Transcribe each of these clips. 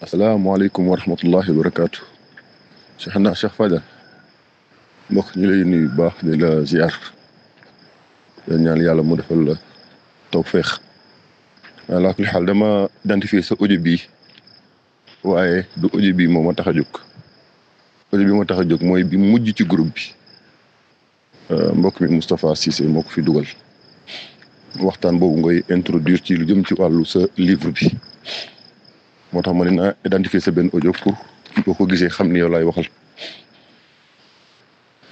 asalaamaaleykum wa rahmatullahi wa barakaatu. Cheikh na Cheikh Fadal mbokk ñu lay nuyu bu baax di la ziar dañ ñaan yàlla mu defal la tawféex ala kulli xaal dama identifier sa audio bii waaye du audio bi moo ma tax a jóg audio bi ma tax a jóg mooy bi mujj ci groupe bi euh, mbok mi Moustapha Cissé moo ko fi dugal waxtaan boobu ngay introduire ci lu jëm ci wàllu sa livre bi moo tax ma ne naa identifier sa benn audio pour boo ko gisee xam ni yow laay waxal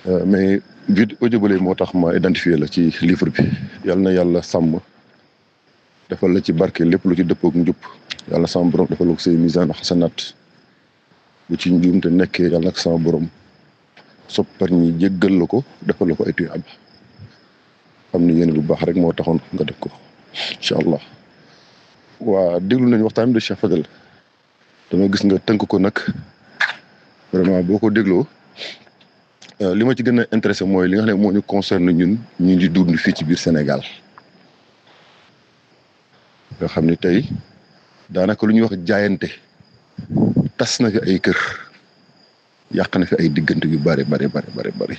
euh, mais vid audio bële moo tax ma identifier la ci livre bi yal na yàlla sàmm defal la ci barke lépp lu ci dëppook njub yàlla sama borom defal ko say misaan xasanaat bu ci njuum te nekkee yàlla na sama borom soppar ñi jéggal la ko defal la ko ay tuyaab xam ni yéen lu baax rek moo taxoon nga def ko incha allah waa déglu nañu waxtaan bi de Cheikh dama gis nga tënk ko nag vraiment boo ko dégloo euh, li ma ci gën a intéressé mooy li nga xam moo ñu concerne ñun ñu ngi dund fii ci biir Sénégal nga xam ni tey daanaka lu ñuy wax jaayante tas na fi ay kër yàq na fi ay diggante yu bare bare bari bari bari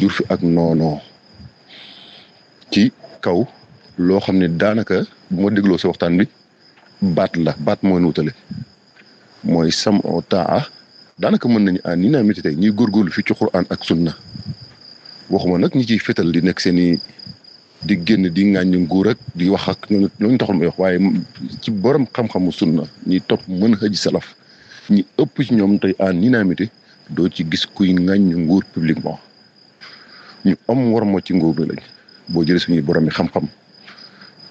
jur fi ak noonoo ci kaw loo xam ne daanaka bu ma dégloo si waxtaan bi baat la baat mooy nuutale mooy sam o taa daanaka mën nañu ànd ah, ni naa ñii tey góorgóorlu fi ci Qur'an ak sunna waxuma nag ñi ciy fétal di nekk seen i di génn di ŋàññi nguur rek di wax ak ñooñu ñooñu taxul may wax waaye ci borom xam-xamu sunna ñi topp mën a xëj salaf ñi ëpp ci ñoom tey ànd ah, ni doo ci gis kuy ŋàññi nguur publiquement ñu am warma ci nguur bi lañ boo jël suñuy borom yi xam-xam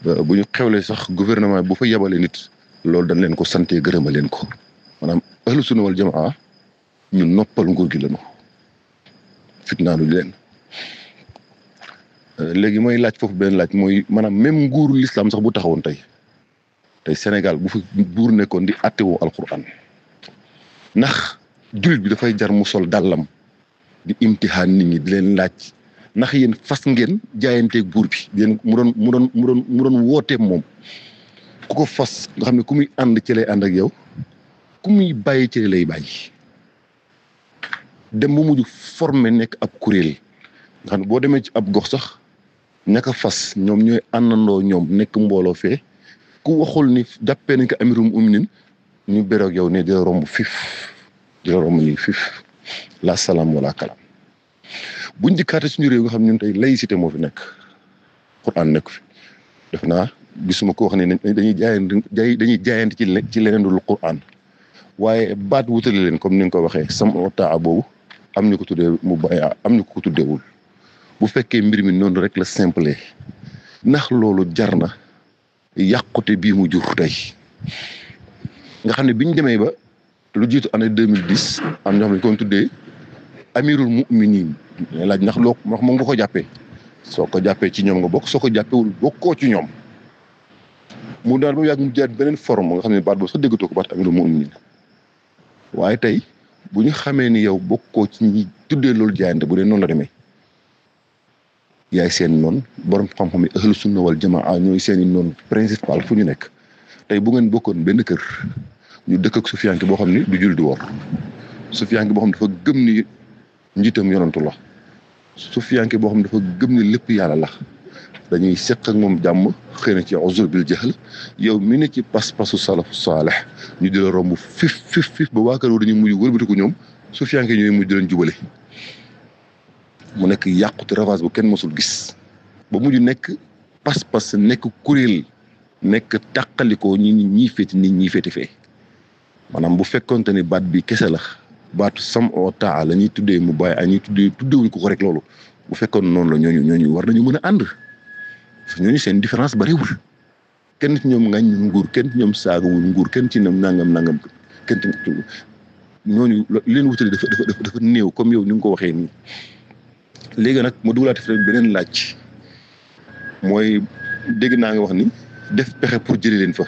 bu ñu xewlee sax gouvernement bu fa yebale nit loolu dañ leen ko sante gërëma leen ko. maanaam ahlu sunna wal jamaa ñu noppal nguur gi lañu fitnaalu leen euh, léegi mooy laaj foofu benn laaj mooy maanaam même nguuru lislaam sax bu taxawoon tey tey Sénégal bu fi buur nekkoon di attewoo alquran ndax jullit bi dafay jar mu sol dàllam di imtihaan nit ñi di leen laaj ndax yéen fas ngeen jaayanteeg buur bi yéen mu doon mu doon mu moom ku ko fas nga xam ne ku muy ànd ci lay ànd ak yow ku muy bàyyi ci lay bàyyi dem bu mujj formé nekk ab kuréel nga ne boo demee ci ab gox sax ñaka fas ñoom ñooy àndandoo ñoom nekk mbooloo fe ku waxul ni jàppee nañ ko amirum uminin ñu beroog yow ne dina romb fif dina romb nii fif la salaam wala kalaam buñ dikkaate suñu réew nga xam ñun tey laïcité moo fi nekk Quran nekk fi def naa gisuma ko wax ne dañuy jaayante dañuy jaayante ci leneen ci leneen dul Quran waaye baat wutale leen comme ni nga ko waxee sama taa boobu am ñu ko tuddee mu bàyyi am ñu ko tuddeewul bu fekkee mbir mi noonu rek la simple ndax loolu jar na yàqute bii mu jur tey nga xam ne biñ demee ba lu jiitu année deux mille dix am ñoo xam ne ko tuddee amirul muminin laaj ndax loo wax moom nga ko jàppee soo ko jàppee ci ñoom nga bokk soo ko jàppewul bokkoo ci ñoom mu daal ba yàgg mu jaat beneen forme nga xam ne baat boobu sax déggatoo ko baat amirul muminin waaye tey bu ñu xamee ni yow bokkoo ci ñi tuddee loolu jaayante bu dee noonu la demee yaay seen noonu borom xam-xam yi ahlu sunna wal jamaa ah, ñooy seen i noonu principal fu ñu nekk tey bu ngeen bokkoon benn kër ñu dëkk ak sufiyanke boo xam ni du jul du woor sufiyanke boo xam dafa gëm ni njiitam yonantu la sufiyanke boo xam dafa gëm ni lépp yàlla la dañuy seq ak moom jàmm xëy na ci uzur bil jahl yow mi ne ci pas-pasu salafu saalih ñu di la romb fif fif fif ba waa kër wu dañuy mujj wëlbatiku ñoom su fiyanke ñooy mujj di leen jubale mu nekk yàqute ravage bu kenn mosul gis ba mujj nekk pas-pas nekk kuréel nekk tàqalikoo ñi ñii féeti nit ñi féeti fee maanaam bu fekkonte ni baat bi kese la baatu sam oo taa lañuy tuddee mu bàyyi a ñuy tuddee wuñ ko ko rek loolu bu fekkoon noonu la ñooñu ñooñu war nañu mën a ànd ñooñu seen différence bariwul kenn ci ñoom ngañ nguur kenn ci ñoom saagawul nguur kenn ci ñoom nangam nangam kenn ci ñooñu leen wutale dafa dafa dafa néew comme yow ni nga ko waxee nii. léegi nag ma dugalaat fi beneen laaj mooy dégg naa nga wax ni def pexe pour jëlee leen fa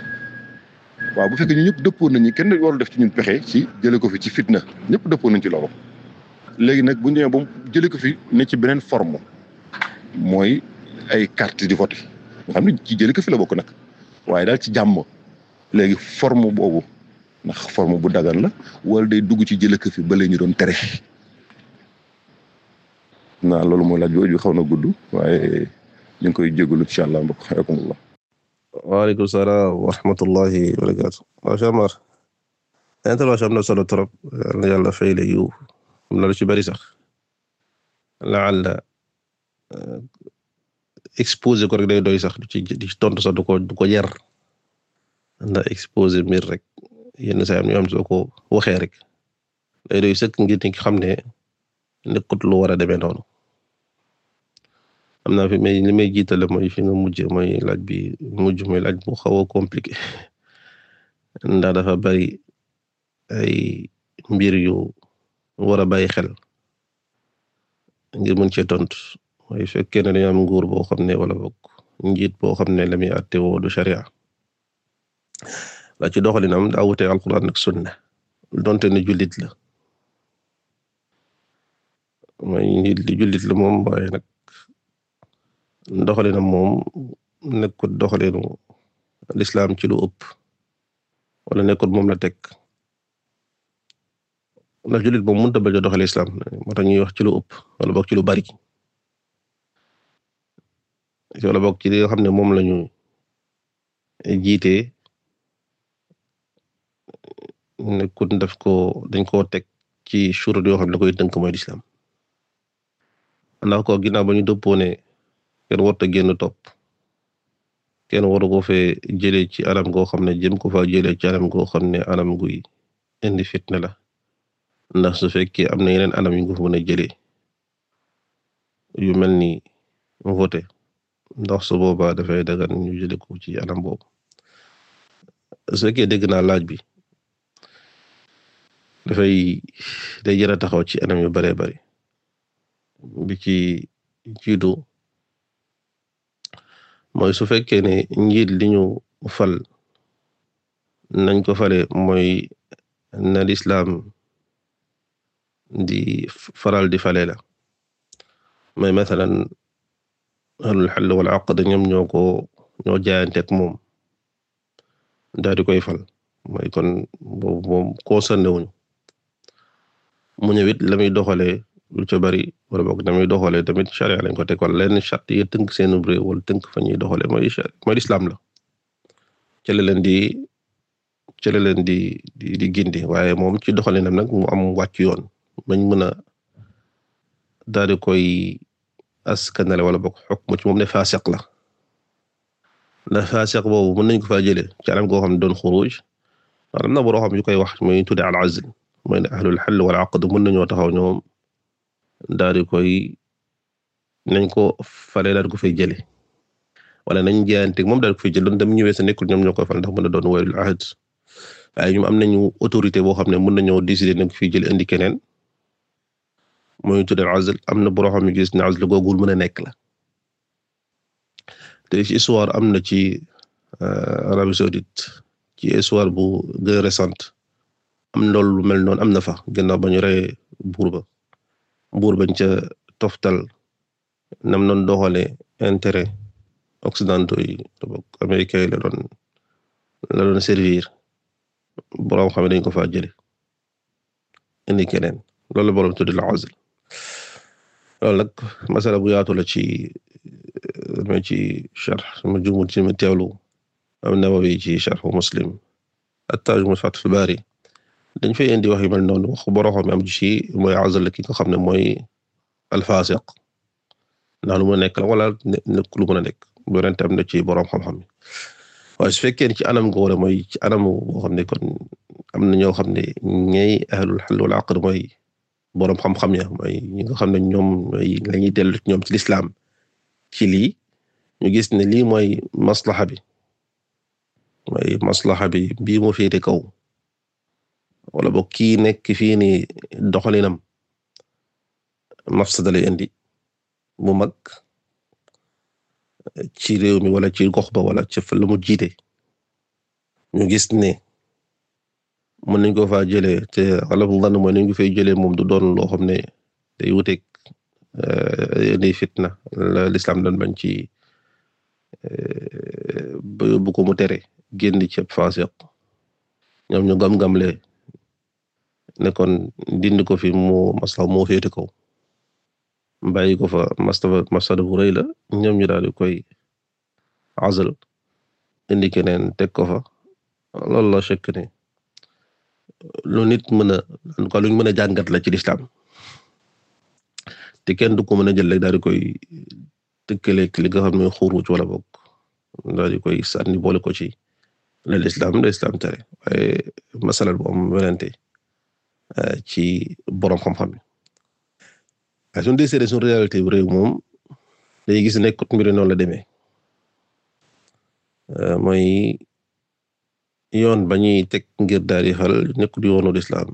waaw bu fekkee ñu ñëpp dëppoon nañu kenn warul def ci ñun pexe ci jëlee ko fi ci fitna ñëpp dëppoon nañ ci loolu. léegi nag bu ñu demee ba jëlee ko fi ne ci beneen forme mooy. ay carte di voté nga xam ci jëli ko fi la bokk nag waaye daal ci jàmm léegi form boobu ndax forme bu dagan la wala day dugg ci jëli ko fi ba ñu doon tere naa loolu mooy laaj boobu xaw na gudd waaye ñu ngi koy jégalu incha allah mbokk xayaakumullah waaleykum salaam wa rahmatullahi wa barakaatu macha allah intervention am na solo trop yàlla yàlla fay la yiw am ci bari sax laala exposé ko rek day doy sax du ci du tontu sax du ko du ko yar ndax exposé mbir rek yenn saa yi am soo ko waxee rek day doy sëkk ngir ni xam ne nekkut lu war a demee noonu. am naa fi may li may jiitale mooy fi nga mujj mooy laaj bi mujj mooy laaj bu xaw a compliqué ndax dafa bari ay mbir yu war a bàyyi xel ngir mën cee tontu. mooy fekkee ne dañu am nguur boo xam ne wala boog njiit boo xam ne la muy àtte sharia la ci doxalinam daa wute alquran ak sunna donte ne jullit la mooy njiit li jullit la moom waaye nag doxalinam moom nekkut doxalinu lislaam ci lu ëpp wala nekkut moom la teg ndax jullit moom mënut ta bañ a doxal islam moo tax ñuy wax ci lu ëpp wala boog ci lu bari wala bokk ci li xam ne moom lañu ñu jiite nekkut daf ko dañ koo teg ci shurut yoo xam ne koy tënk mooy lislaam ndax ko ginnaaw ba ñu dëppoo ne kenn warut a génn topp kenn waru ko fee jëlee ci anam goo xam ne jëm ko fa jëlee ci anam goo xam ne anam guy indi fitna la ndax su fekkee am na yeneen anam yu nga fa mën yu mel ni voté ndax su boobaa dafay dagan ñu jële ko ci anam boobu su fekkee dégg naa laaj bi dafay day jëra taxaw ci anam yu baree bari bi ci jiitu mooy su fekkee ne njiit li ñu fal nañ ko fale mooy na lislaam di faral di fale la mathalan ahlul hal wal aqd ñoom ñoo ko ñoo jaayanteeg moom daal di koy fal mooy kon boobu moom koo sànnewuñu mu ñëw it la muy doxalee lu ca bari wala boog na muy doxalee tamit charia lañ ko teg wala lenn chart yi tënk seen réew wala tënk fa ñuy doxalee mooy mooy lislaam la ca la leen di ca leen di di gindi waaye moom ci nam nag mu am wàcc yoon bañ mën a daal koy. as askanale wala bokk xukmu ci moom ne faasiq na la faasiq boobu mën nañ ko faa jëlee ci anam goo xam ne doon xuruj maanaam na boroo xam ñu koy wax mooy tudde al azl mooy ne ahlul xall wala aqd mën taxaw ñoom daal di koy nañ ko fale daal ko fay jële wala nañ jaayante moom daal ko fay jël doon dem ñëwee sa nekkul ñoom ñoo koy fal ndax mën na doon walul ahad waaye ñoom am nañu autorité boo xam ne mën nañoo décider nañ ko fiy jël indi keneen mooy tudde azl am na borom mi gis ne azl googul mën a nekk la te ci histoire am na ci euh, Arabie saoudite ci histoire bu gën a récente am na loolu mel noon am na fa gannaaw ba ñu rey buur ba buur bañ ca toftal nam noon doxale intere occidentaux yi bok américains yi servir borom xam ne dañ ko fa jële indi keneen loolu borom tudde la azl loolu nag masala bu yaatu la ci ma ci charx ma jumul ci ma teewlu am Nawawi ci charxu Muslim at-Taaj mu Fathul Baari dañ fay indi wax yu mel noonu waxu boroxam am ci mooy azal ki nga xam ne mooy alfaasiq ndax lu mu nekk la wala nekk lu mën a nekk yonent am na ci boroom xam-xam yi waaye su fekkee ci anam goore mooy ci anam boo xam ne kon am na ñoo xam ne ñay ahlul hal wal aqd mooy boroom xam-xam ya mooy nga xam ne ñoom mooy la ñoom ci lislaam ci lii ñu gis ne lii mooy maslaxa bi mooy maslaxa bi bii moo féete kaw wala boog ki nekk fii ni doxalinam mafsada lay indi bu mag ci réew mi wala ci gox ba wala ci fa la mu jiite ñu gis ne mën nañ ko jëlee te xalafu lan mooy nañ ko fay jëlee moom du doon loo xam ne day wuteeg day euh, fitna la lislaam doon bañ ci euh, bu ko mu tere génn ci ab faasiq ñoom ñu gam-gamle ne kon dind ko fi mu masla moo féete kaw bàyyi ko fa mastaba masada bu rëy la ñoom ñu daal di koy azal indi keneen teg ko fa loolu la lu nit mën a en tout mën a jàngat la ci lislaam te kenn du ko mën a jël rek daal di koy tëkkaleeg li nga xam ne xuruj wala bok daal di koy sànni boole ko ci la lislaam la lislaam tere waaye masalal bu am euh, ci borom xam-xam yi waaye suñ dee seetee réalité bi réew moom day gis nekkut mbir noonu la demee euh, yoon ba ñuy teg ngir daal di xal nekkul yoonu lislaam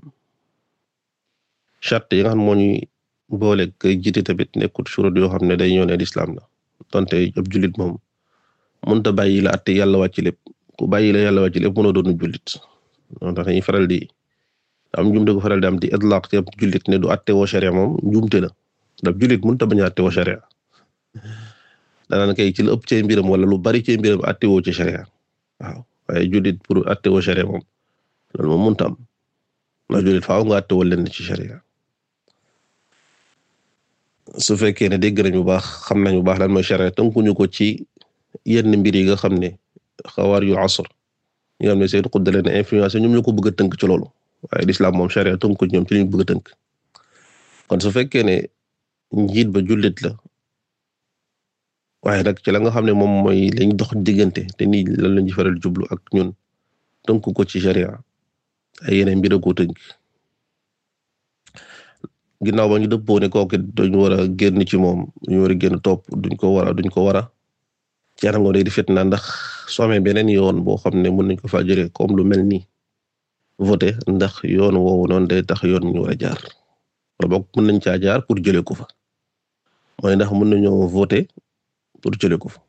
charte yi nga xam moo ñuy boole kay jiite tamit nekkul surut yoo xam ne day ñëw ne lislaam la donte ab moom mënut ta bàyyi la àtte yàlla wàcc lépp ku bàyyi la yàlla wàcc lépp mënoo doonu jullit non tax faral di am jumte ko faral di di itlaq ci ab jullit ne du àtte woo sharia la ndax jullit mënut a bañ a àtte woo sharia kay ci lu ëpp mbiram wala lu bari cee mbiram àtte woo sharia waaye jullit pour atte woo sharia moom loolu moom mënut a am ndax jullit faaw nga atte woo leen ci sharia su fekkee ne dégg nañ bu baax xam nañ bu baax lan mooy sharia tënkuñu ko ci yenn mbir yi nga xam ne xawaar yu asr ñi nga xam ne seen xudda leen influence ñoom ñoo ko bëgg a tënk ci loolu waaye lislaam moom sharia tënkuñ ñoom ci liñ bëgg a tënk kon su fekkee ne njiit ba julit la waaye nag ci la nga xam ne moom mooy lañ dox diggante te nii lan lañ faral jublu ak ñun tënk ko ci sharia ay yeneen mbir ko tënk ginnaaw ba ñu dëppoo ne kooku dañu war a génn ci moom ñu war génn topp duñ ko war a duñ ko war a ci anam nga day ndax some amee yoon boo xam ne mën nañ ko fa jëlee comme lu mel nii voté ndax yoon woowu noonu day tax yoon ñu a jaar wala boog mën nañ caa jaar pour jëlee ko fa mooy ndax mën nañoo voté pour jëlee ko fa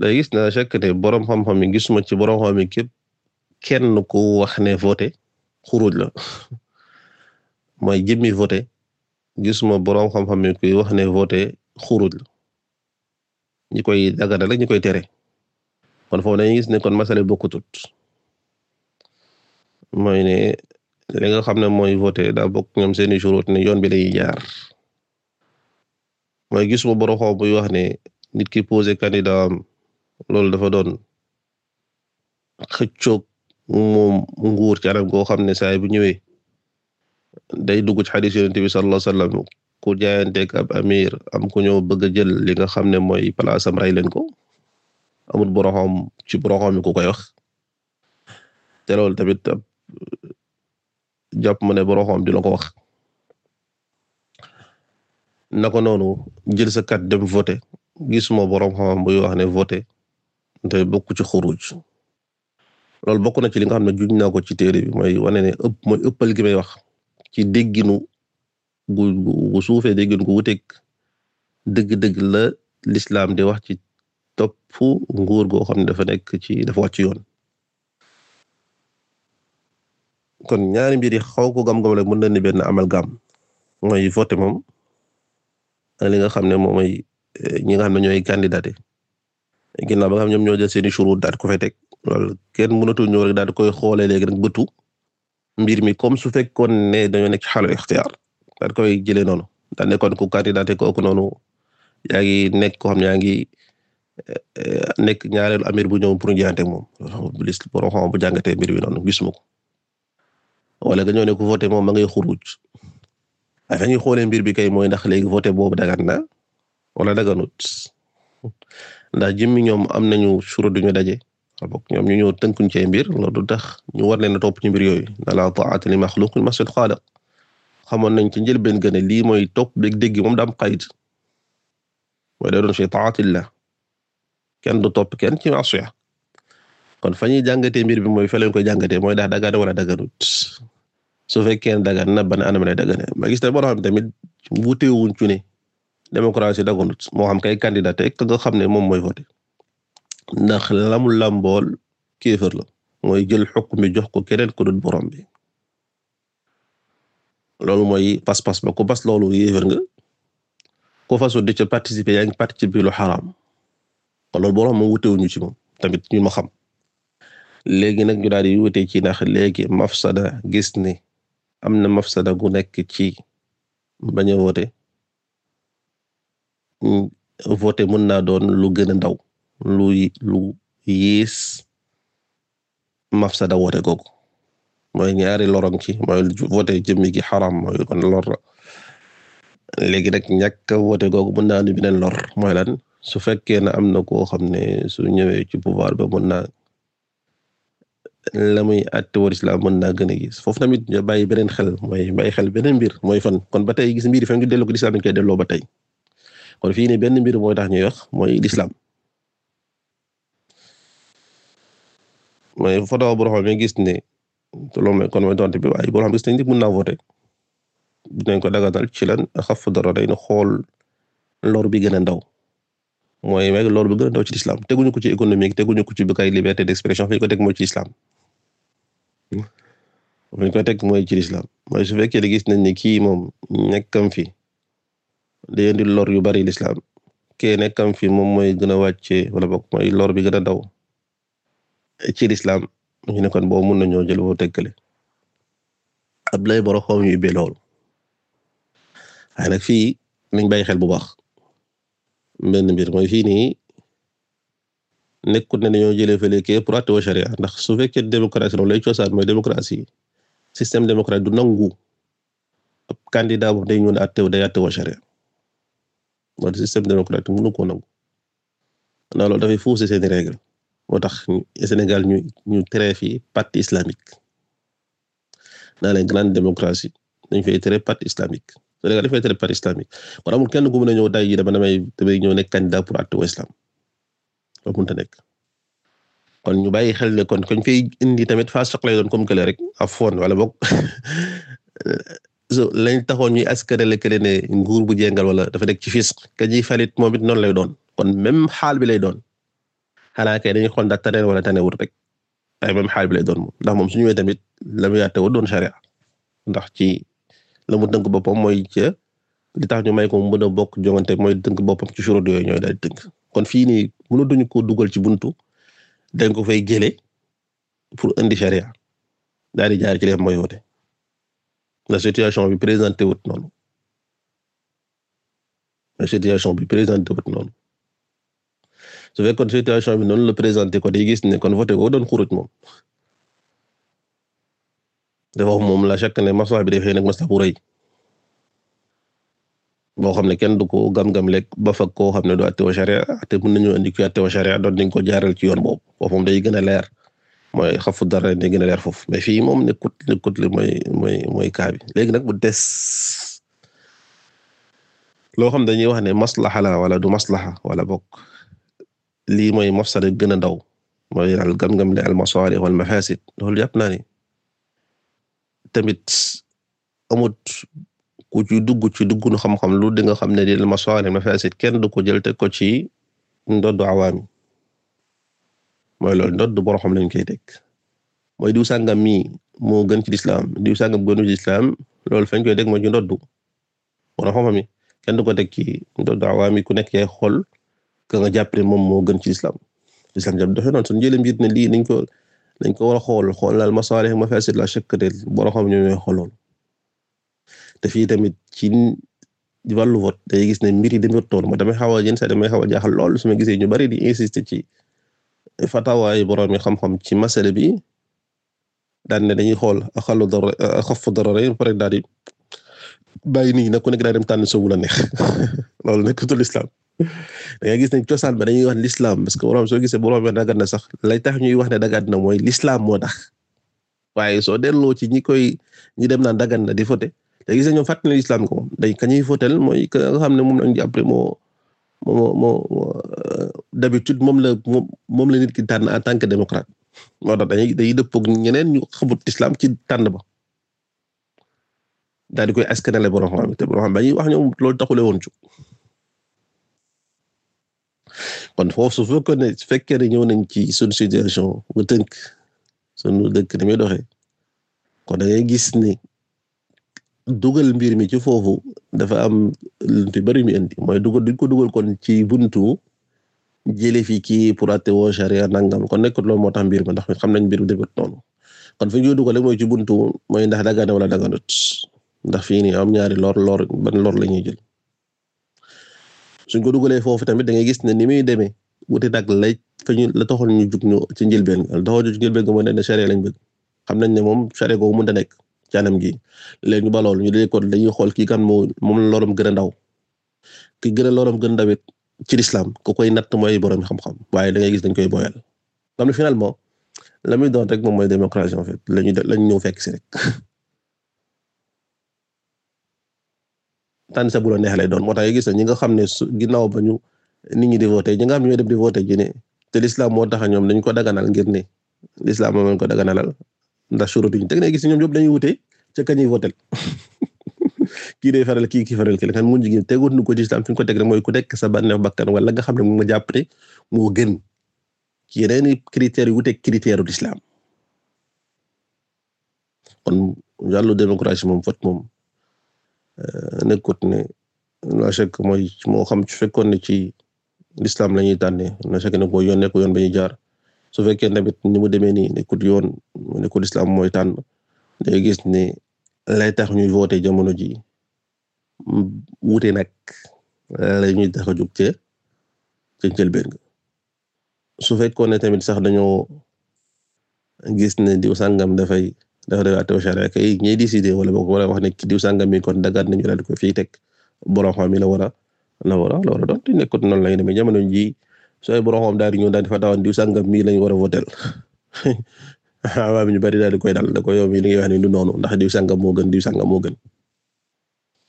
léegi gis naa chaque ne borom xam-xam yi gisuma ci borom xam-xam yi képp kenn ku wax ne voté xuruj la mooy jëmmi voté gisuma borom xam-xam yi kuy wax ne voté xuruj la ñi koy daganal ak ñi koy tere kon foofu dañuy gis ne kon masale bokkutut mooy ne li nga xam ne mooy voté daa bokk ñoom seeni shurut ne yoon bi lay ñaar mooy gisuma borom xaw buy wax ne nit ki posé candidat am loolu dafa doon xëccoog moom nguur ci anam goo xam ne saay bu ñëwee day dugg ci xadis yonent bi sallallahu alayhi wa sallam ku jaayanteeg ab amir am ku ñow bëgg a jël li nga xam ne mooy place am rey leen ko amul borom xaw ci borom xaw mi ku koy wax te loolu tamit jàpp ma ne borom xaw di la ko wax. naka noonu jël sa carte dem voter gisuma borom xam-xam buy wax ne voter te bokk ci xuruj loolu bokk na ci li nga xam ne juñ naa ko ci téere bi mooy wane ne ëpp mooy ëppal gi may wax ci dégginu gu gu suufee dégginu gu wuteeg dëgg-dëgg la lislaam di wax ci topp nguur goo xam ne dafa nekk ci dafa wàcc yoon kon ñaari mbir yi xaw ko gam-gam la mën na ni benn amalgam mooy moom li nga xam ne moom mooy eh, ñi nga xam ne ñooy candidat ba nga xam ñoo jël seeni churut ko fay teg kenn mënatul ñëw daal di koy xoolee léegi rek bëtu mbir mi comme su fekkoon ne dañoo nekk ci xalu ixtiyaar daal koy jëlee noonu daal nekkoon ku candidat kooku noonu yaa nekk koo xam ne ngi eh, nekk ñaareelu amir bu ñëw pour jiyante moom liste borom xam bu jàngatee mbir bi noonu gisuma ko wala nga ñëw ne ku voté moom ma ngay xuruj waaye ah, fa xoole xoolee mbir bi kay mooy ndax léegi voté boobu dagan na wala daganut ndax jëmmi ñoom am nañu suru daje bokk ñoom ñu ñëw tënkuñ ci mbir loolu du tax ñu war leen topp ci mbir yooyu na la ta'ata li maxluqin masul xaaliq xamoon nañ ci njëlbeen gën lii mooy top dégg dégg moom da am xayit mooy da doon fi taatillah kenn du topp kenn ci masiya kon fa ñuy jàngatee mbir bi mooy fa leen koy jàngatee mooy ndax dagan wala daganut su fekkee dagan na ban anam lay dagane ma gis ne boo xam tamit wuutewuñ ci ne démocratie daganut moo xam kay candidat ek xam ne moom mooy voté ndax lamul lambool kéefër la mooy jël xukk mi jox ko keneen ku dul borom bi loolu mooy pas-pas ba ku bas loolu yéefër nga ku fasu di ca participer yaa ngi participer lu xaraam kon loolu borom moom wutewuñu ci moom tamit ñu ma xam léegi nag ñu daal di wute ci ndax léegi mafsada gis ni am na mafsada gu nekk ci bañ a woote mm, voté mën naa doon lu gën a ndaw lu lu yées mafsada woote googu mooy ñaari lorong ci mooy voté jëmmi gi xaram mooy kon lor léegi nag ñàkk a woote googu mën naa ni beneen lor mooy lan su fekkee ne am na koo xam ne su ñëwee ci pouvoir ba mën naa la muy àtte war islam mën naa gën a gis foofu tamit nga bàyyi beneen xel mooy bàyyi xel beneen mbir mooy fan kon ba tey gis mbir yi fa ngi delloo ko lislaam dañ koy delloo ba kon fii ne benn mbir mooy tax ñuy wax mooy lislaam mooy foto bu gis ne loolu mooy kon mooy donte na waaye bu roxoon gis nañ ne mën ci lan xaf dara day na xool lor bi gën a ndaw mooy loolu bu gën a ndaw ci lislaam teguñu ko ci économique teguñu ko ci bëgg ay liberté d'expression fi ko teg mooy ci lislaam fu ñu koy teg mooy ci lislaam mooy su fekkee ne gis nañ ne kii moom nekkam fi day indi lor yu bari lislaam kee nekkam fi moom mooy gën a wàccee wala bokk mooy lor bi gën a daw ci lislaam ñu ne kon boo mun nañoo jël woo tekkale ab lay boro xoom yu be lool waaye nag fii nañ bàyyi xel bu baax benn mbir mooy fii nii nekkut ne dañoo jëlee fële kee pour àtte wa sharia ndax su fekkee démocratie loolu lay cosaan mooy démocratie système démocratie du nangu ab day ñëw ne àtte day àtte démocratique mënu ko nangu naa loolu dafay fuuse seeni règle moo tax Sénégal ñu ñu tere fi parti islamique dans les grandes démocraties dañ fay tere parti islamique Sénégal dafay tere parti islamique kon amul kenn ku mën a ñëw day yi dama damay damay ñëw nekk candidat pour àtte wa islam loolu mënut a nekk kon ñu bàyyi xel ne kon koñ fay i tamit faasiq lay doon comme que rek ab foon wala boog lañ taxoon ñuy askanale kële ne nguur bu jéngal wala dafa nekk ci fisq ka ji falit moom it noonu lay doon kon même xaal bi lay doon xanaa kay dañuy xool ndax tane wala tane wut rek waaye même xaal bi lay doon moom ndax moom su ñëwee tamit la mu yaate doon sharia ndax ci la mu dënk boppam mooy ca li tax ñu may ko mu mën a bokk jongante mooy dënk boppam ci shurut yooyu ñooy daal di kon fii mënatuñu koo dugal ci buntu dañ ko fay jëlee pour indi charia daal di jaar ci leen mooy woote la situation bi présenté wot noonu la situation bi présenté wut noonu su fekkoon situation bi noonu la présenté ko day gis ne kon voté woo doon xuruj moom dafa wax moom la chaque ne maslaha bi dafay nekk maslaha bu rëy boo xam ne ken du ko gam-gam lekk ba koo xam ne du àttewa sharia te mën nañu indi ku sharia doon nañ ko jaaral ci yoon boo foofu moom day gën a leer mooy xafu dara day gën a leer foofu mais fii moom nekkut nekkut li mooy mooy mooy kaa bi léegi nag bu des loo xam dañuy wax ne maslaxa la wala du maslaxa wala bok li mooy mafsada gën a ndaw mooy al gam-gam le al masalih wal mafasid loolu yàpp naa ni tamit amut ku ci dugg ci duggunu xam-xam lu di xam ne dil masalih mafasid kenn du ko jël teg ko ci ndoddu awaami mooy loolu ndoddu boro xam lañ koy teg mooy diw sàngam mii moo gën ci lislaam diw sàngam gënu ci lislaam loolu fañ koy teg moo ci ndoddu boro xam-xam yi kenn du ko teg ci ndoddu awaami ku nekk yaay xool ka nga jàpp ne moom moo gën ci lislaam lislaam jàpp doxe noonu suñu jëlee mbir ne lii nañ ko dañ ko war a xool xool laal masalih mafasid la chëkkateel boro xam ñoo ñooy xoolool te fii tamit ci wàllu vote day gis ne mbir yi demee toon ma damay xaw a yenn saa damay xaw jaaxal lool su ma gisee ñu bari di insister ci fatawaayu borom yi xam-xam ci masala bi daan ne dañuy xool xalu dara xafu dara rek pare daal di bàyyi nit ñi nag ku nekk daal dem tànn soobu la neex loolu nekkatul islam da gis ne cosaan ba dañuy wax l'islam parce que borom soo gisee borom bi dagat sax lay tax ñuy wax ne dagat mooy l'islam moo tax waaye soo delloo ci ñi koy ñi dem naan dagat na di fote te gis nga ñoom fàttali ne islam ka ñuy fotel mooy que nga xam ne moom lañ jàppale moo moo moo euh, d'habitude moom la moom la nit ki tànn en tant que démocrate moo tax dañuy dañuy dëppoog ñeneen ñu xamut islam ci tànn ba koy askanale borom xam te borom xam ba ñuy wax ñoom loolu woon ci kon foofu su fekke ne su ne ñëw nañ ci suñu situation nga tënk suñu dëkk ni muy doxee kon da ngay gis ni dugal mbir mi ci foofu dafa am lu bari mi indi mooy dugal duñ ko dugal kon ci buntu jëlee fi kii pour àtte woo charia nangam kon nekkul loolu moo tax mbir ma ndax xam nañ mbir mi demut noonu kon fi ñu dugal mooy ci buntu mooy ndax daggane wala dagganut ndax fii nii am ñaari lool lor ban lor la ñuy jël suñ ko dugalee foofu tamit da ngay gis ne ni muy demee wuute nag la fa ñu la taxoon ñu jug ñu ci njëlbeen la taxoon ñu jug njëlbeen mooy ne charia lañ bëgg xam nañ ne moom charia googu mënta nekk. ci anam gi léegi ñu ba ñu dee dañuy xool kii kan moo moom la lorom gën a ndaw ki gër a lorom gën ci lislaam ku koy natt mooy borom xam-xam waaye da gis dañ koy boyal xam ne finalement la muy doon rek moom mooy démocratie en fait lañu lañu ñëw fekk si rek tànn sa bu doon moo tax gis na ñi nga xam ne su ginnaaw ba ñu nit ñi di voté ñi nga xam ne ñooy di voté ji te lislaam moo tax ñoom dañ ko daganal ngir ne lislaam moo leen ko daganalal ndax shurutu ñu da ngay gis ñoom ñëpp dañuy wute ca kañuy votel kii day faral kii kii faral kii la kan mu jigéen tegoot nu ko ci islam fi ko teg rek mooy ku nekk sa bànneex bakkan wala nga xam ne mu nga jàpp ne moo gën ci yeneen i critères yu wuteeg critère u islam kon wàllu démocratie moom vote moom euh, nekkut ne la chèque mooy moo xam ci fekkoon ne ci l'islam la ñuy tànnee na chèque ne ko yoon ne yoon ba ñuy jaar. su fekkee tamit ni mu demee nii nekkul yoon nekkul islam mooy tànn day gis ne lay tax ñuy voté jamono ji wute nag lay ñuy tax a jóg ca ca njëlbéen su fekkoon ne tamit sax dañoo gis ne diw sàngam dafay dafa def àtte charia kay ñiy décider wala boog wala wax ne diw sàngam mi kon dagat nañu daal ko fii teg borom xam la war a la war a la noonu lay demee jamono ji. sooy borom xam daal di ñëw daal di fa tawan ñu bari daal di koy dal da ko yow mii li ngay wax ni du noonu ndax diw moo gën diw sàngam moo gën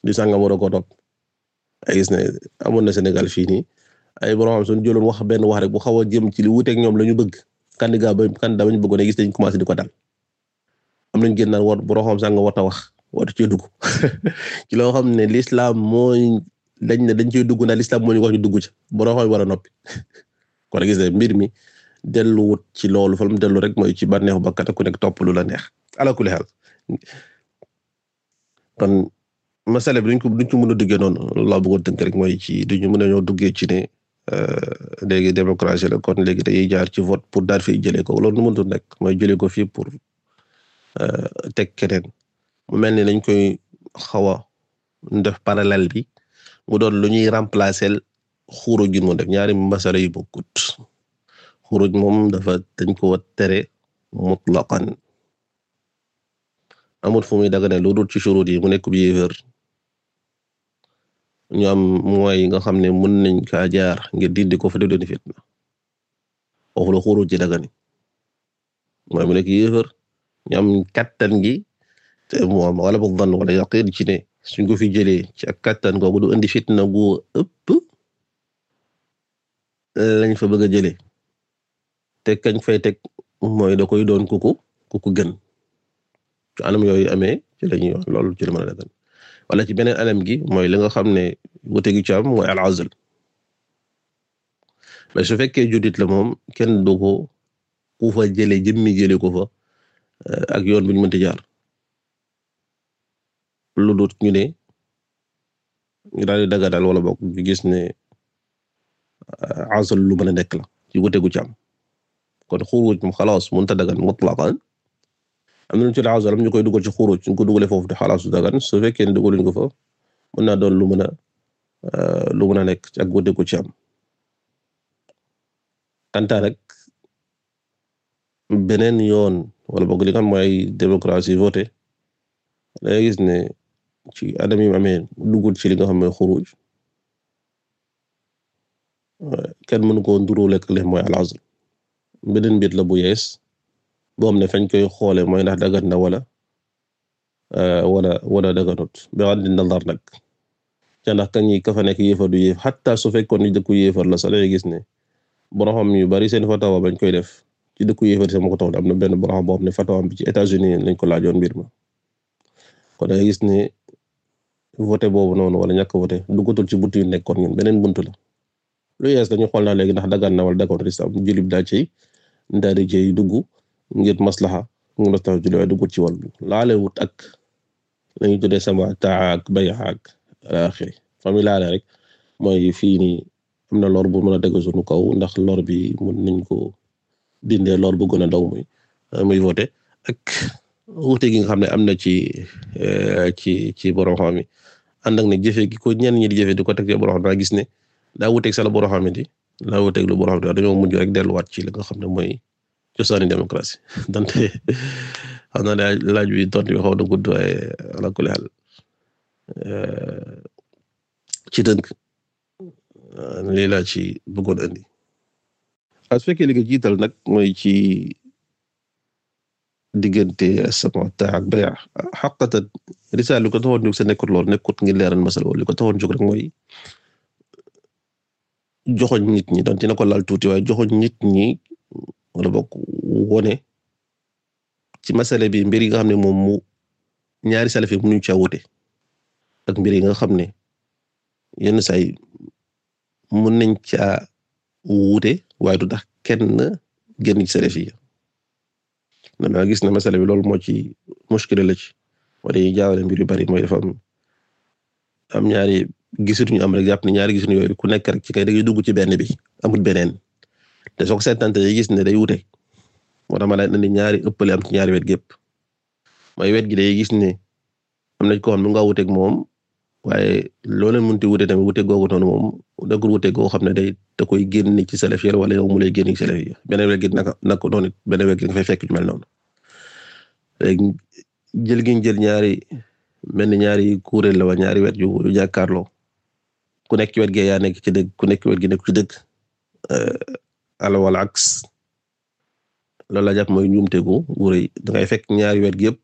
diw sàngam war a ko topp gis ne amoon na Sénégal fii nii ay borom xam suñu jëloon wax benn wax rek bu xaw a jëm ci li wuuteeg ñoom la ñu bëgg candidat ba candidat ba ñu bëggoon a gis dañ commencé di ko dal am nañu génn naan war borom xam ta wax war cee dugg xam ne l'islam mooy dañ ne dañ ciy dugg na l'islam moo ñu wax ñu dugg ci boro xooy war a noppi kon gis nga mbir mi delluwut ci loolu fa mu dellu rek mooy ci bànneexu bakkat ku nekk topp la neex ala kulli masale bi duñ ko duñ ko mën a duggee laa bëggoon tënk rek mooy ci duñu mën a ñoo duggee ci ne euh, léegi démocratie la kon léegi dañuy jaar ci vote pour daal fi jëlee ko loolu nu mëntu nekk mooy jëlee ko fii pour euh, teg keneen mu mel ni dañ koy xaw a def parallèle bi mu doon lu ñuy remplacer xuruj gi mu def ñaari masala yu bokkut xuruj moom dafa dañ ko tere mutlaqan amul fo muy dagane lu dul ci shurut yi mu nekk bi yéefër ñu am nga xam ne mën nañ kaa jaar ngir dindi ko fa def doon fitna waxu la xuruj ci dagane mooy mu nekk yéefër kattan gi te mu am wala bu dhann wala yaqiin ci ne suñ ko fi jëlee ci ak kattan googu du indi na gu ëpp euh, lañ fa bëgg a jëlee te kañ fay teg mooy da koy doon kuku kuku gën ci anam yooyu amee ci la ñuy wax loolu ci a dagan wala ci beneen anam gi mooy li nga xam ne wute gi ci am mooy mais su fekkee juddit la moom kenn du ko ku fa jëlee jëmmi jële ko fa euh, ak yoon bu ñu mënti jaar. lu dut ñu ne ñu daal di daganal wala bokk ñu gis ne euh, asal lu mën a nekk la ci wute gu ci am kon xuruj moom xalaas mënut a dagan mutlaqan am nañu ci asal ñu koy dugal ci xuruj ñu ko dugalee foofu de xalaas du dagan su fekkee ne dugaluñ ko fa mën naa doon lu mën a euh, lu a nekk ci ak wute gu ci kanta nag beneen yoon wala boog li nga xam mooy démocratie voté da gis ne. ci adam yi amee dugul ci li nga xam ne xuruj kenn mënu ko nduróole ak li mooy al azl beneen mbir la bu yees boo xam ne fañ koy xoole mooy ndax dagat na wala eh, wala wala daganut bi addi nadar nag ca ndax kañ yi ka fa nekk yéefar du yéef xataa su fekkoon ni dëkku yéefar la sax gis ne boroxam yu bari seen fatawa bañ koy def ci dëkku yéefar sama moko tax am na benn boroxam boo xam ne fatawa bi ci États-Unis lañ ko laajoon mbir ma kon da gis ne voté boobu noonu wala ñàkk voté duggatul ci buntu yu nekkoon ñun beneen buntu la lu yees dañu xool ndax dagaan na wala d'accord risque am jullit daa cay daal di cay dugg ngir maslaxa ngir maslaxa jullit waaye duggut ci wàll bi laale wut ak la ñuy sama taa bay ak alaxiri ah, famille rek mooy fii nii am na loor bu mën a tegu suñu kaw ndax lor bi mën nañ ko dindee lor bu gën a daw muy muy voté ak wuute nga xam ne am na ci eh, ci ci borom xam ànd ak ne jëfe gi ko ñenn ñi di jëfe di ko teg ci borom daa gis ne daa wuteeg sa la borom xam ne daa wuteeg lu borom xam ne dañoo mujj rek delluwaat ci li nga xam ne mooy cosaani démocratie dante xam naa laaj bi tontu bi xaw na gudd waaye ala kulli eh, ci tënk eh, lii laa ci bëggoon andi. as fekkee li nga jiital nag mooy ci diggante samota ak bay' xaqatan risaal lu ko taxoon jóg sa nekkut lool nekkut ngir leeral masala li ko taxoon jóg rek mooy joxoñ nit ñi doon dina ko laal tuuti waaye joxoñ nit ñi wala bokk wone ci masala bi mbir yi nga xam ne moom mu ñaari salafi mënuñu caa wute ak mbir yi nga xam ne yenn say mën nañ caa wute waaye du tax kenn génn ci salafi yi dama gis ne masala bi loolu moo ci mushkila la ci wala yi jaawale mbir yu bari mooy dafa am am ñaari gisut am rek jàpp ne ñaari gisut yooyu ku nekk rek ci kay da ngay dugg ci benn bi amul beneen te soo ko seetante yi gis ne day wute moo tax ma laaj na ni ñaari ëppale ñaari wet gépp mooy wet gi day gis ne am nañ ko xam nu nga wuteeg moom waaye looleen mënti wute tamit wute googu noonu moom nag wute goo xam ne day da koy génne ci salaf yi wala yow mu lay génne ci salaf yi beneen wet gi naka naka noonu it beneen mel noonu léegi jël ñaari mel ni ñaari kuréel la wala ñaari wet yu jàkkaarloo ku nekk ci wet gi yaa nekk ci dëgg ku nekk wet gi nekk ci dëgg ala wala aks mooy njuumte gu rëy fekk ñaari wet gi yëpp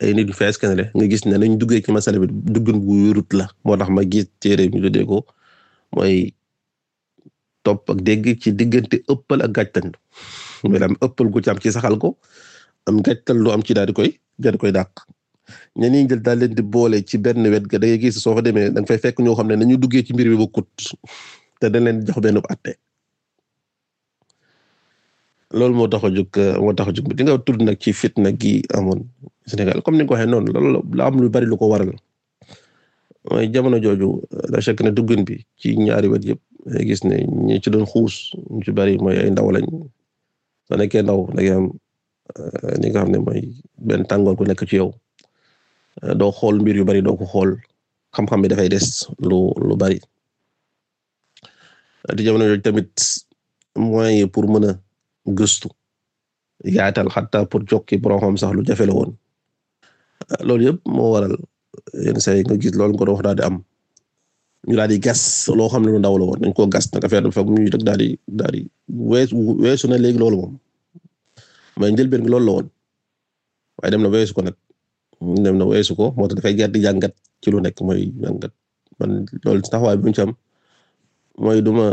ay nit yu fees kenn nga gis ne nañ duggee ci masala bi duggun bu wérut la moo tax ma gis téere ñu tuddee ko mooy top ak dégg ci diggante ëppal ak gàjtal mooy daam ëppal gu ci am ci saxal ko am gàjtal lu am ci daal koy daal koy dàq ñenn ñi daal leen di boole ci benn wet ga da ngay gis soo fa demee da nga fekk ñoo xam ne nañu duggee ci mbir bi bokkut te dañ leen jox benn bu at loolu moo tax a jóg moo tax a jóg di nga tudd na ci fitna gi amoon Sénégal comme ni nga ko waxee noonu la lu bari lu ko waral mooy jamono jooju euh, la fekk ne duggan bi ci ñaari wet yëpp gis ne ñi ci doon xuus ñu bari mooy ay ndaw lañ soo nekkee ndaw da ngay am euh, li nga xam ne mooy benn tàngoor ku nekk ci yow euh, doo xool mbir yu bari doo ko xool xam-xam bi dafay des lu lu bari te jamono jooju tamit moyens yi pour mën a gëstu yaatal xataa pour jokki borom xam sax lu jafe la woon loolu yëpp moo waral. yenn saa yi nga gis loolu nga doon wax daal di am ñu daal di gas loo xam ne lu daw la woon dañ koo gas naka affaire bi foog ñu rek daal di daal di weesu weesu na léegi loolu moom mais njëlbeen gi loolu la woon dem na weesu ko nag dem na weesu ko moo tax dafay gerte jàngat ci lu nekk mooy jàngat man loolu taxawaay bi mu mooy duma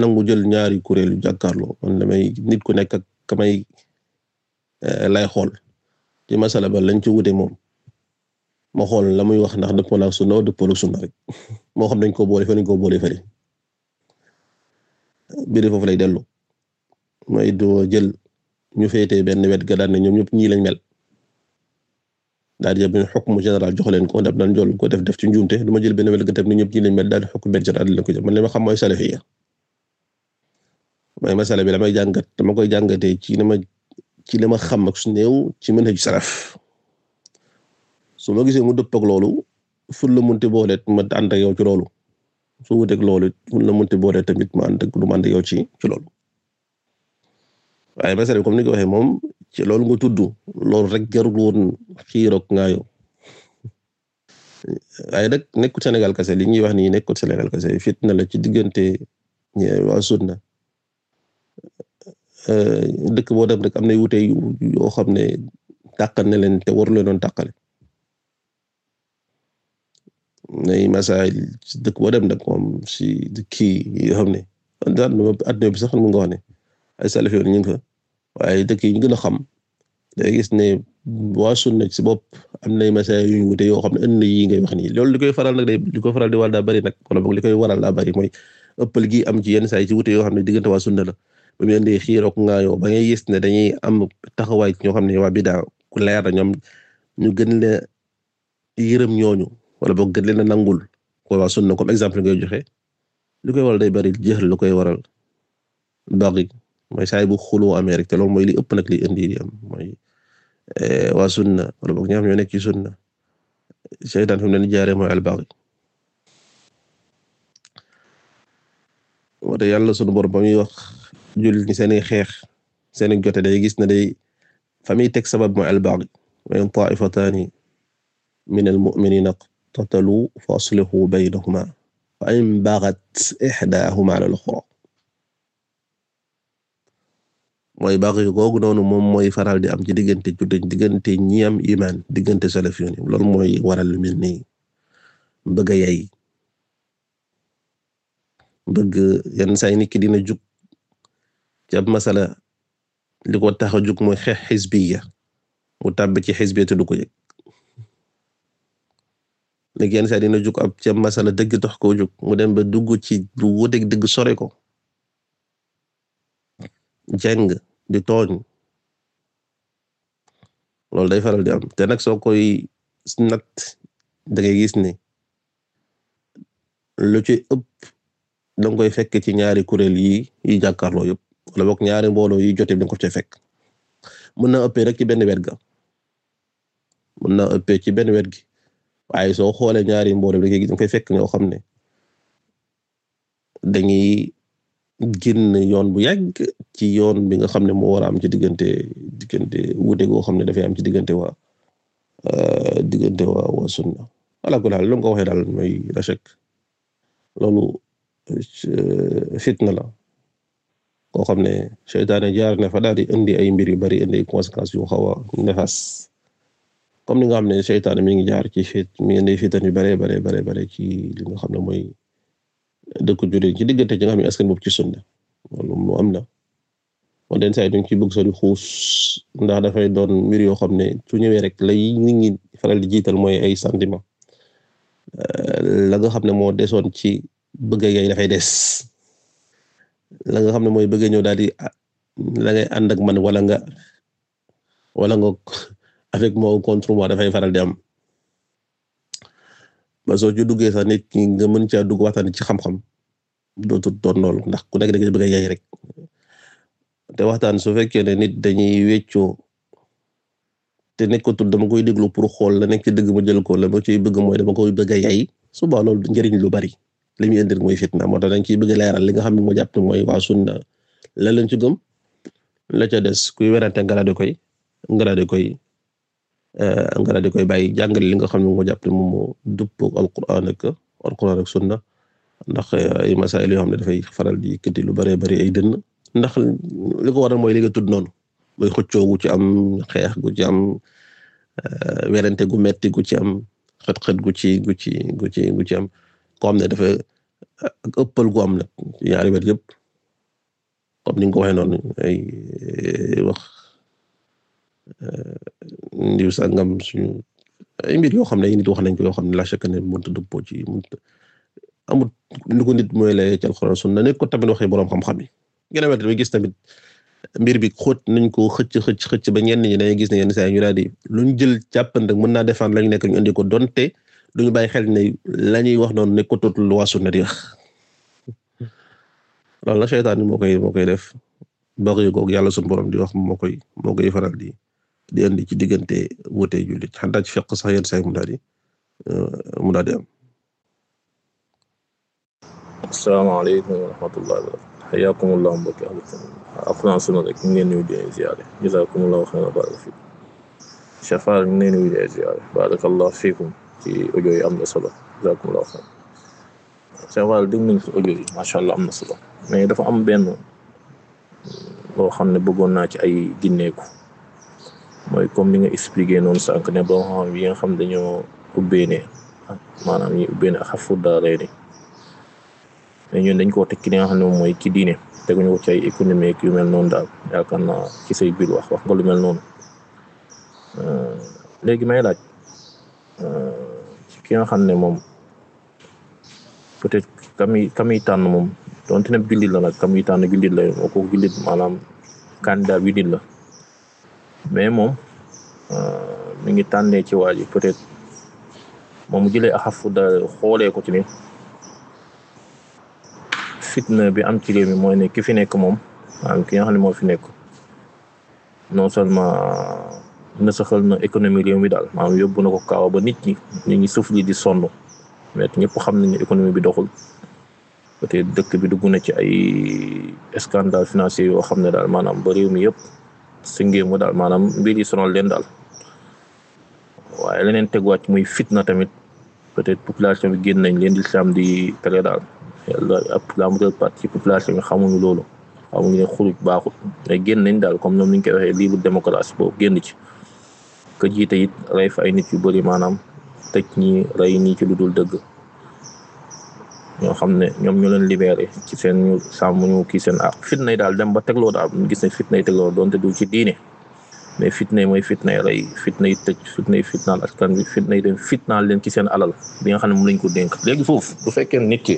nangu jël ñaari kuréel yu jàkkaarloo man nekk ak kamay eh, lay xool ci masala ba lañ ci wute moom. ma xool la muy wax ndax dëppoo naag sunna dëppoo sunna rek moo xam dañ ko boole fa dañ ko boole fële biir foofu lay dellu mooy doo jël ñu féetee benn wet ga daan ne ñoom ñëpp ñii lañ mel daal di jël xukmu général jox leen ko daf daan jol ko def def ci njuumte du jël benn wet ga def ne ñëpp ñii lañ mel daal di xukm benn général ko jël man li ma xam mooy salafiyya mooy masala bi la may jàngat dama koy jàngatee ci li ci li ma xam ak su néew ci manhaj salaf su ma gisee mu dëppook loolu ful la munti boole ma ànd ci loolu su wuteeg loolu ful la munti boole tamit ma ànd ak lu ci ci loolu waaye masala bi comme ni ko waxee moom ci loolu nga tudd loolu rek jarul woon xiiroog ngaayo waaye nag nekkul senegal kese li ñuy wax nii nekkul Sénégal kese fitna la ci diggante ñi waa sunna dëkk boo dem rek am na wuute yoo xam ne tàqal na leen te waru leen doon tàqale nay masaayil ci dëkk boo dem nag moom si kii yoo xam ne daal adduna bi sax mu nga wax ne ay salaf yoon ñu ngi fa waaye dëkk yi ñu gën a xam day gis ne waa sunna ci bopp am nay masaayil yu ñu wute yoo xam ne ënd yi ngay wax nii loolu li koy faral nag day li koy faral di waral daa bari nag wala boog li koy waral daa bari mooy ëppal gi am ci yenn saa yi ci yoo xam ne diggante waa sunna na ba muy indi xiiroog ngaayoo ba ngay gis ne dañuy am taxawaay ñoo xam ne waa bidaa ku leer na ñoom ñu gën leen yërëm ñooñu wala boog gën leen a nangul ko sunna comme exemple ngay joxe lu koy waral day bari jeexal lu koy waral baqi may saay bu xuloo amee rek te loolu mooy li ëpp nag li indi di am mooy eh, waa sunna wala boog ñi xam ki nekk ci sunna seytaan fi mu leen jaaree mooy al baqi wala yàlla sunu borom ba muy wax jullit ñi seeni xeex seeni jote day gis na day fa teg sabab mooy al baqi wa in taifataani min al muminina اقتتلوا فأصلحوا بينهما فإن بغت إحداهما على الأخرى mooy baax yi googu noonu moom mooy faral di am ci diggante jullit diggante ñi am iman diggante salafiyun loolu mooy waral lu mel ni bëgg a yey bëgg yenn saa dina jug ci ab masala li ko tax a jug mooy xeex xisbiya mu ci xisbiya te du ko yëg ne yenn saa dina jug ab ca masala dëgg tax koo jug mu dem ba dugg ci lu wuteeg dëgg sore ko jeng di tooñ loolu day faral di am te nag soo koy nat da ngay gis ne lu ci ëpp danga koy fekk ci ñaari kuréel yi yi jàkkaarloo yëpp wala boog ñaari mbooloo yi jotee danga ko ci fekk mën na ëppee rek ci benn wet ga mën na ëppee ci benn wet gi waaye soo xoolee ñaari mboolem da nga koy fekk ñoo xam ne dañuy génn yoon bu yàgg ci yoon bi nga xam ne moo war a am ci diggante diggante wuute goo xam ne dafay am ci diggante waa euh, diggante waa na sunna ala kulli ko waxee daal mooy rachek loolu euh, fitna la koo xam ne seytaane jaar na fa daal di indi ay mbir yu bari indi ay conséquences yu xaw a nefas comme ni nga xam ne seytaane mi ngi jaar ci fit mi ngi fitan yu bare bare bare bare ci li nga xam ne mooy dëkku jullit ci diggante ci nga xam ne askan ci sunna loolu am na den saa yi duñ ci bëgg sa di xuus ndax dafay doon mbir yoo xam ne su ñëwee rek lay nit faral di jiital mooy ay sentiment euh, la nga xam ne moo desoon ci bëgg yay dafay des la nga xam ne mooy bëgg ñëw daal di ah, la ngay ànd wala nga wala nga avec moi ou contre moi dafay faral di am ba soo ci duggee sax nit ki nga mën caa dugg waxtaan ci xam-xam dootul doon loolu ndax ku nekk da nga bëgg a rek te waxtaan su fekkee ne nit dañuy weccoo te nekkatul dama koy déglu pour xool la nekk ci dëgg ma jël ko la ma ciy bëgg mooy dama koy bëgg a yaay suba lool njëriñ lu bari li muy indi mooy fitna moo tax dañ ciy bëgg leeral li nga xam ne moo jàpp mooy waa sunna la lañ ci gëm la ca des kuy werante nga daal di koy nga koy. Euh, nga daal di koy bàyyi jàngale li nga xam ne moom moo jàpp ne moom moo dëppoo alquran alquran ak ndax euh, ay masaayil yoo xam ne dafay faral di yëkkati lu bëree bëri ay ndax li ko waral mooy li tudd noonu mooy xëccoo gu ci am xeex gu ci am euh, werante gu metti gu ci am xët-xët gu ci gu ci gu ci gu am ko xam ne dafa ak ëppal gu am nag ñaari wet yëpp comme ni nga ko waxee noonu ay wax Euh, ndiw sangam suñu ay mbir yoo xam ne ay nit wax nañ ko yoo xam ne la chaque ne mënut a dëppoo ci mënut amul lu ko nit mooy lay ci alxuraan sunna nekk ko tamit waxee borom xam-xam yi. gën a gis tamit mbir bi xoot nañ ko xëcc xëcc xëcc ba ñenn ñi dañuy gis ne yenn saa yi ñu daal di luñ jël jàppante mën naa défendre lañ nekk ñu indi ko donte duñu bàyyi xel ne la ñuy wax noonu nekk ko tootul lu waa sunna di wax loolu la seytaan moo koy moo koy def bëri ko yàlla su borom koy di. di indi ci diggante wuute jullit xanta ci fiqh sax yenn say mu daal di euh, mu daal di am. asalaamaaleykum wa rek ñu ngi leen di nuyu ziyaare jazakumullahu baraka fiikum ci audio am na solo jazakumullahu xayran Cheikh Fall dégg nañ fi audio yi allah am na solo mais dafa am benn mm, loo xam ne bëggoon naa ci ay ginneeku. mooy comme ni nga expliqué noonu sànq ne borom xam-xam yi xam dañoo ubbee ne maanaam ñi ubbee ne ak xafu daaree ni ne dañ koo tekki li nga xam ne moom mooy ci diine teguñu ko ci ay économie yu mel noon daal yaakaar naa ci say biir wax wax nga lu mel noonu euh, léegi may laaj euh, ci ki nga xam ne moom peut-être kami kami tànn moom donte ne jullit la nag yi tànn jullit la moo ko jullit maanaam candidat jullit la mais moom euh, mi ngi tànnee ci waa ji peut-être moom jëlee axafu xoolee ko ci ni fitna bi am ci réew mi mooy ne ki fi nekk moom maanaam ki nga xam ne moo fi nekk non seulement na saxal na économie réew mi daal maanaam yóbbu na ko kaawa ba nit ñi nit ñi suuf li di sonn mais ñëpp xam nañu économie bi doxul peut-être dëkk bi dugg na ci ay scandale financier yoo xam ne daal maanaam ba réew mi yëpp si ngéemu daal maanaam mbir sono sonal leen daal waaye leneen teguwaat muy fitna tamit peut-être population bi génn nañ leen di islam di tere daal yàlla ab la majeure partie population bi xamuñu loolu xamuñu ne xuruj baaxul ne génn nañ daal comme ñoom ni ñu koy waxee libre démocratie boobu génn ci ka jiite it rey fa ay nit yu bëri maanaam tëj ñi rey ñi ci lu dul dëgg. ñoo xam ne ñoom ñoo leen libéré ci seen ñu sàmm ñu kii seen àq fitna yi daal dem ba tegloo daal gis ne fitna yi tegloo doonte du ci diine mais yi mooy fitna yi rey fitna yi tëj fitna yi fitnaal askan bi fitna yi dem fitnaal leen ci seen alal bi nga xam ne moom lañ ko dénk léegi foofu bu fekkee nit ki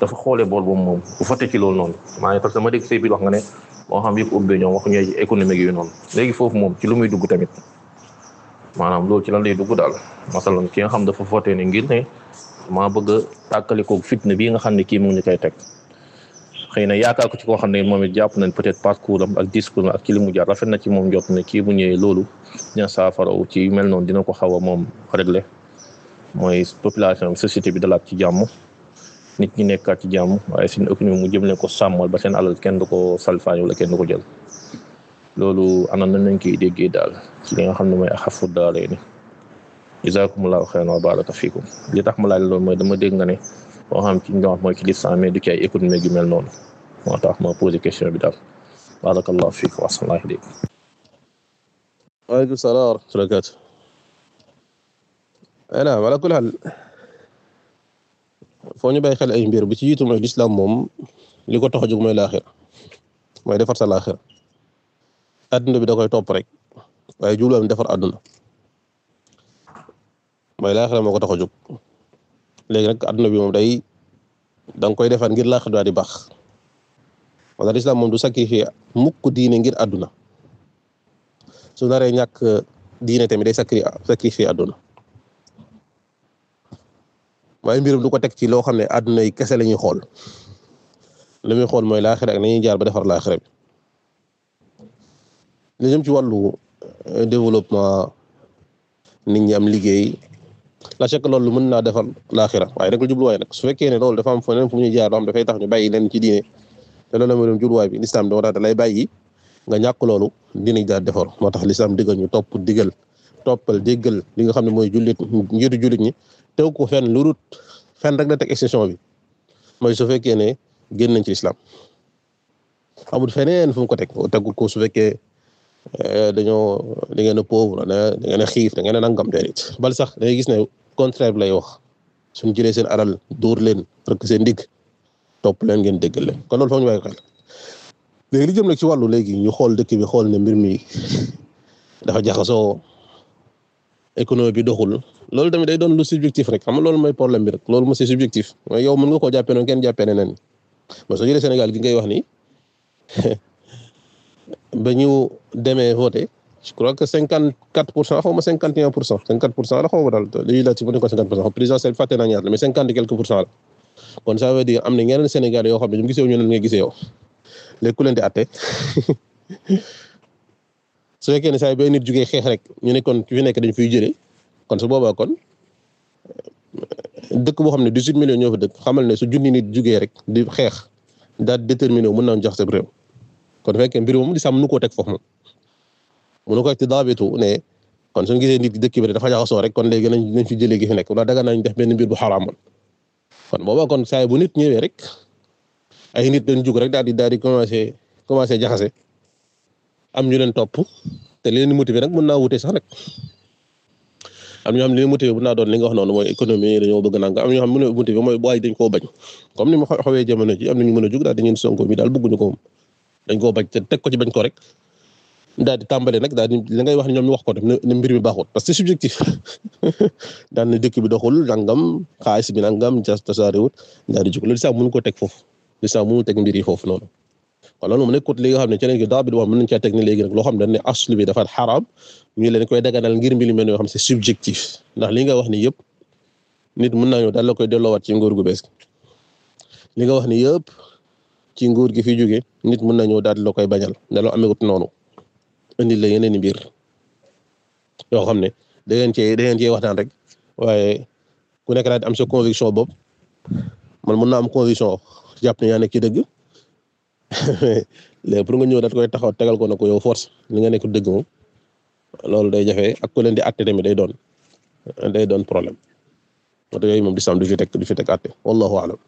dafa xoolee bool boobu moom u fate ci loolu noonu maa parce que ma dégg say biir wax nga ne boo xam yëpp ubbee ñoom wax ñooy yu noonu léegi foofu moom ci lu muy dugg tamit maanaam loolu ci lan lay dugg daal masalan ki nga xam dafa fote ne maa bëgg a tàkkalikoog fitna bii nga xam ne kii mu ngi ñu teg xëy na yaakaar ko ci koo xam ne moom it jàpp nañ peut-être parcours am ak discours am ak ci li mu rafet na ci moom jot ne kii bu ñëwee loolu dina saafaraw ci mel noonu dina ko xaw a moom réglé mooy population société bi dalaat ci jàmm nit ñi nekkaat ci jàmm waaye seen économie mu jëm leen ko sàmmal ba seen alal kenn du ko salfaañ wala kenn du ko jël loolu ana nañ lañ koy déggee daal ci li nga xam ne mooy axafu daalee ni jazakumullahu xeyran wa baraka fikum li tax ma laaj loolu mooy dama dégg nga ne boo xam ci mooy ci lislam mais du ci ay économie yu noonu moo tax ma posé question bi daal barakallahu fikum wa salaamu aleykum waaleykum wala kul xal foo ñu bàyyi xel ay mbir bi ci jiitu mooy lislam moom li ko tax a jóg mooy laaxira mooy defar sa laaxira adduna bi da koy topp rek jul jubluwaam defar adduna mooy laaxira moo ko tax a jóg léegi nag adduna bi moom day dang koy defar ngir laaxira daal di baax wala lislaam moom du sacrifier mukk diine ngir adduna su naree ñàkk diine tamit day sacri sacrifier adduna may mbirum du ko teg ci loo xam ne adduna yi kese la xool li muy xool mooy laaxira ak nañuy jaar ba defar laaxira bi li jëm ci wàllu euh, développement nit ñi am liggéey la chèque loolu mën naa defar laaxira waaye rek lu jubluwaay nag su fekkee ne loolu dafa am feneen fu ñuy jaar loo xam dafay tax ñu bàyyi leen ci diine te loolu mooy doon jubluwaay bi lislaam doo tax da lay bàyyi nga ñàkk loolu dinañ daal defar moo tax topp diggal li nga xam ne mooy jullit njiitu jullit ñi tew ko fenn lu rut fenn rek la teg exception bi mooy su fekkee ne génn nañ ci lislaam amul feneen fu mu ko teg tegul ko su fekkee Eh, dañoo da ngeen a pauvre da ngeen a xiif da ngeen nangam déedéet bal sax da gis ne contraire lay wax suñu jëlee seen alal dóor leen rek seen digg topp leen ngeen déggal leen kon loolu foog ñu bàyyi li jëm nag ci wàllu léegi ñu xool dëkk bi xool ne mbir mi dafa jaxasoo économie bi doxul loolu tamit day doon lu subjectif rek xam nga loolu mooy problème bi rek loolu mooy subjectif mooy yow mën nga ko jàppee noonu kenn jàppee ne nen ma soo jëlee Sénégal gi ngay wax ni ba ñu demee voté je crois que cinquante quatre pour cent a ma cinquante et un pour cent cinquante pour cent la xaw daal législative bu nekkoon cinquante pour cent présidentielle fàtte naa ñaar la mais cinquante quelques pour cent la kon ça dire am na ñeneen Sénégal yoo xam ne ñu gisee ñu leen nga gisee yow léegi ku leen ne saa yu bay nit jugee xeex rek ñu ne kon ki fi nekk dañ fiy jëlee kon boobaa kon dëkk boo xam ne dix huit millions ñoo fa dëkk xamal ne su junni nit jugee rek di xeex daal déterminé wu mën naa jax sa kon fekkee mbir moom lislaam mënu koo teg foof moom mënu ko teg daabitu ne kon suñu gisee nit dëkk bi dafa jaxasoo rek kon léegi nañ nañ fi jëlee gi fi nekk wala daga nañ def benn mbir bu xaraamoon kon booba kon saay bu nit ñëwee rek ay nit dañ jug rek daal di daal di commencé commencé jaxase am ñu leen topp te li leen motivé nag mën naa wute sax rek am ñoo xam ne li motivé mën mooy bu waay dañ koo bañ comme ni ma xawee jamono ji am nañu mën a jug daal di ñeen sonko dañ koo bañ te teg ko ci bañ ko rek daal di tàmbale nag daal di li ngay wax ne ñoom ñu wax ko def ne mbir mi baaxut parce que subjectif daan na dëkk bi doxul nangam xaalis bi nangam ja saar daal di jóg loolu sax mënu ko teg foofu li teg mbir yi foofu noonu wala moom nekkut li nga xam ne ci léegi daa bi wax teg ni léegi nag loo xam ne ne aslu bi dafa xaraam ñu leen koy daganal ngir mbir mi yoo xam c'est subjectif ndax li nga wax ni yëpp nit mun naa ñëw daal la koy delloowaat ci nguur gu bees li nga wax ni yëpp ci nguur gi fi jóge nit mën na ñëw daal di la koy bañal ne loo wut noonu indi la yeneen i mbir yoo xam ne da ngeen cee da ngeen waxtaan rek waaye ku nekk daal am sa conviction boob man mën na am conviction jàpp ne yaa nekk ci dëgg léegi pour nga ñëw daal koy taxaw tegal ko ne ko yow force li nga nekk dëgg moom loolu day jafe ak ku leen di àtte tamit day doon day doon problème moo tax yooyu moom di sam du fi teg du fi teg àtte wallahu alam